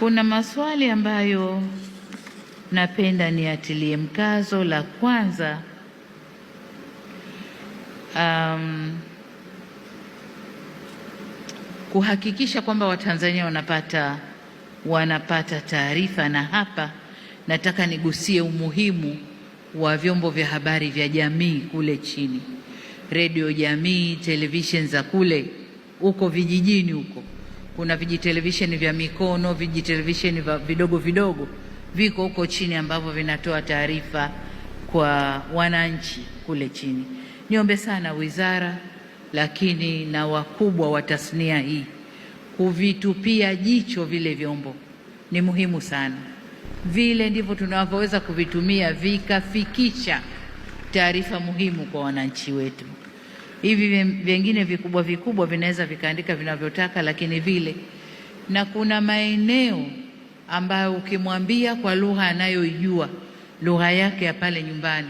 Kuna maswali ambayo napenda niatilie mkazo. La kwanza, um, kuhakikisha kwamba Watanzania wanapata wanapata taarifa, na hapa nataka nigusie umuhimu wa vyombo vya habari vya jamii kule chini, redio jamii, television za kule uko vijijini huko kuna vijitelevisheni vya mikono, vijitelevisheni vidogo vidogo viko huko chini ambavyo vinatoa taarifa kwa wananchi kule chini. Niombe sana wizara, lakini na wakubwa wa tasnia hii kuvitupia jicho vile vyombo, ni muhimu sana. Vile ndivyo tunavyoweza kuvitumia vikafikisha taarifa muhimu kwa wananchi wetu hivi vingine vikubwa vikubwa vinaweza vikaandika vinavyotaka, lakini vile na kuna maeneo ambayo ukimwambia kwa lugha anayoijua lugha yake ya pale nyumbani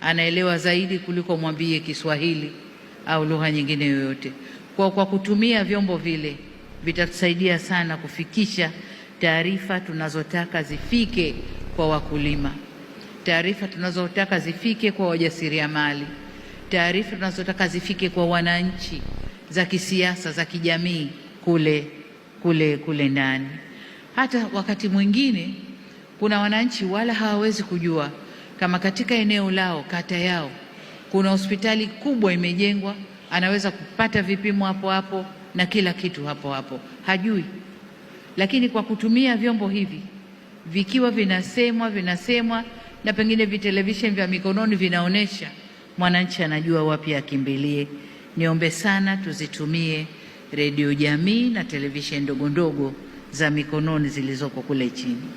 anaelewa zaidi kuliko mwambie Kiswahili au lugha nyingine yoyote. Kwa, kwa kutumia vyombo vile vitatusaidia sana kufikisha taarifa tunazotaka zifike kwa wakulima, taarifa tunazotaka zifike kwa wajasiriamali taarifa tunazotaka zifike kwa wananchi za kisiasa za kijamii kule kule kule ndani. Hata wakati mwingine kuna wananchi wala hawawezi kujua kama katika eneo lao, kata yao, kuna hospitali kubwa imejengwa, anaweza kupata vipimo hapo hapo na kila kitu hapo hapo, hajui. Lakini kwa kutumia vyombo hivi vikiwa vinasemwa vinasemwa, na pengine vitelevisheni vya mikononi vinaonyesha mwananchi anajua wapi akimbilie. Niombe sana tuzitumie redio jamii na televisheni ndogo ndogo za mikononi zilizoko kule chini.